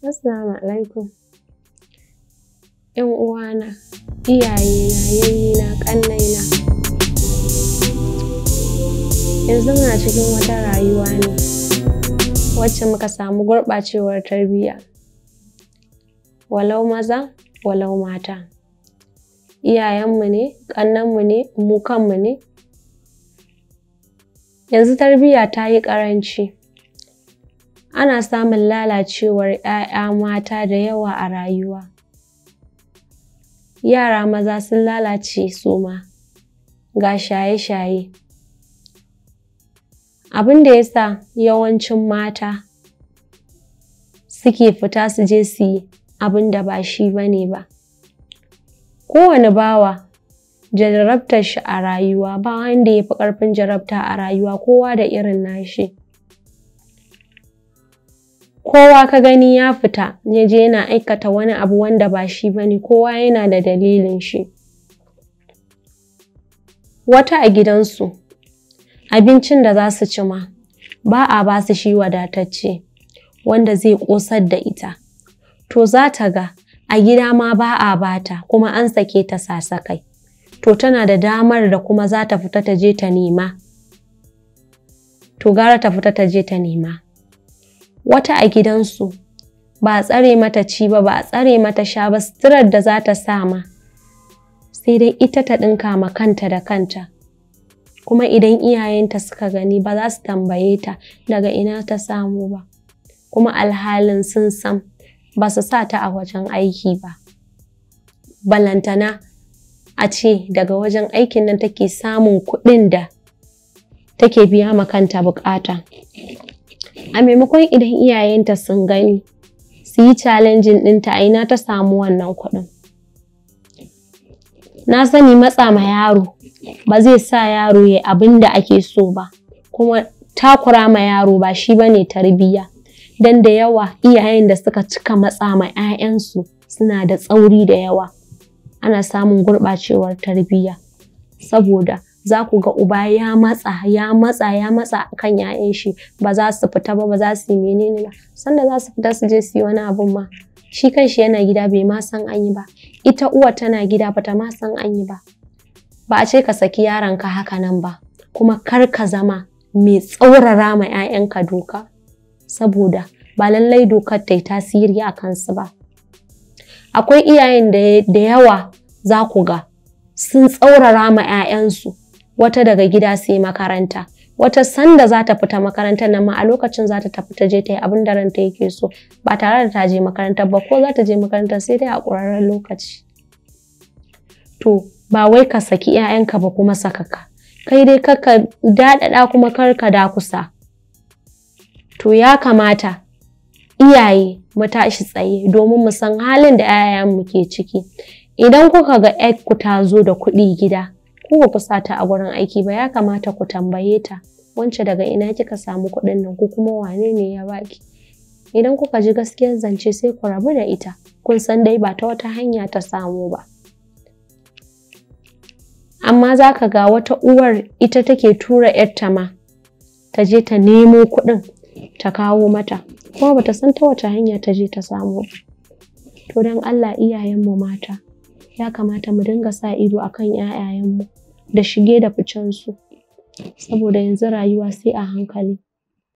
Assalamu alaikum. ‘Yan uwana, iyayena, yayyina, ƙannaina. Yanzu muna cikin wata rayuwa ne wacce muka samu gurɓacewar tarbiyya. Walau maza, walau mata. Iyayenmu ne, ƙannanmu ne, mu kanmu ne. Yanzu tarbiyya ta yi ƙaranci. ana samun lalacewar ‘ya'ya mata da yawa a rayuwa. Yara maza sun lalace su ma, ga shaye-shaye. Abin da ya sa yawancin mata suke fita su je su yi abin da ba shi ba ne ba. Kowane bawa jarabtar shi a rayuwa, ba wanda ya fi ƙarfin jarabta a rayuwa kowa da irin nashi. kowa ka gani ya fita ya je yana aikata wani abu wanda ba shi ba ne kowa yana da dalilin shi wata a gidansu abincin da za su ci ma ba a ba su shi wadatacce wanda zai ƙosar da ita to za ta ga a gida ma ba a bata kuma an sake ta sasakai to tana da damar da kuma za ta fita ta je ta nema to gara ta fita ta je ta nema wata a gidansu ba a tsare mata ci ba ba a tsare mata sha ba suturar da za ta sa sai dai ita ta ɗinka ma kanta da kanta kuma idan iyayenta suka gani ba za su tambaye ta daga ina ta samu ba kuma alhalin sun san ba su sa ta a wajen aiki ba balantana a ce daga wajen aikin nan take samun kuɗin da take biya ma kanta bukata a maimakon idan iyayenta sun gani su yi challenging ɗinta a ina ta samu wannan kuɗin na sani matsa ma yaro ba zai sa yaro ya abin da ake so ba kuma takura ma yaro ba shi ba ne tarbiyya don da yawa iyayen da suka cika matsa ma 'ya'yansu suna da tsauri da yawa ana samun gurɓacewar tarbiyya saboda za ku ga uba ya matsa ya matsa ya matsa kan ‘ya'yan shi ba za su fita ba ba za su yi menene ba sanda za su fita su je su yi wani abun ma shi kan shi yana gida bai ma san an yi ba ita uwa tana gida ba ta ma san an yi ba ba a ce ka saki yaronka haka nan ba kuma kar ka zama mai tsaurara ma ‘ya'yanka doka saboda ba lallai dokar ta yi tasiri a kansu ba akwai iyayen da yawa za ku ga sun tsaurara ma 'ya'yansu wata daga gida sai makaranta wata sanda za ta fita makarantar nan ma a lokacin za ta tafi ta je ta yi abin da ranta yake so ba tare da ta je makarantar ba ko za ta je makarantar sai dai a ƙurarren lokaci to ba wai ka saki 'ya'yanka ba kuma sakaka kai dai ka daɗaɗa kuma kar karka kusa. to ya kamata iyaye mu tashi tsaye domin mu san halin da mu ke ciki idan kuka ga ku ta zo da kuɗi gida ku ba ku sata a wurin aiki ba ya kamata ku tambaye ta wance daga ina kika samu kuɗin nan ku kuma wane ne ya baki idan kuka ji gaskiyar zance sai ku rabu da ita kun san dai ba ta wata hanya ta samu ba amma za ka ga wata uwar ita take tura yarta ma ta je ta nemo kuɗin ta kawo mata kuma ba ta san ta wata hanya ta je ta samu ba to don allah iyayenmu mata ya kamata mu dinga sa ido akan 'ya'yayenmu da shige da ficensu saboda yanzu rayuwa sai a hankali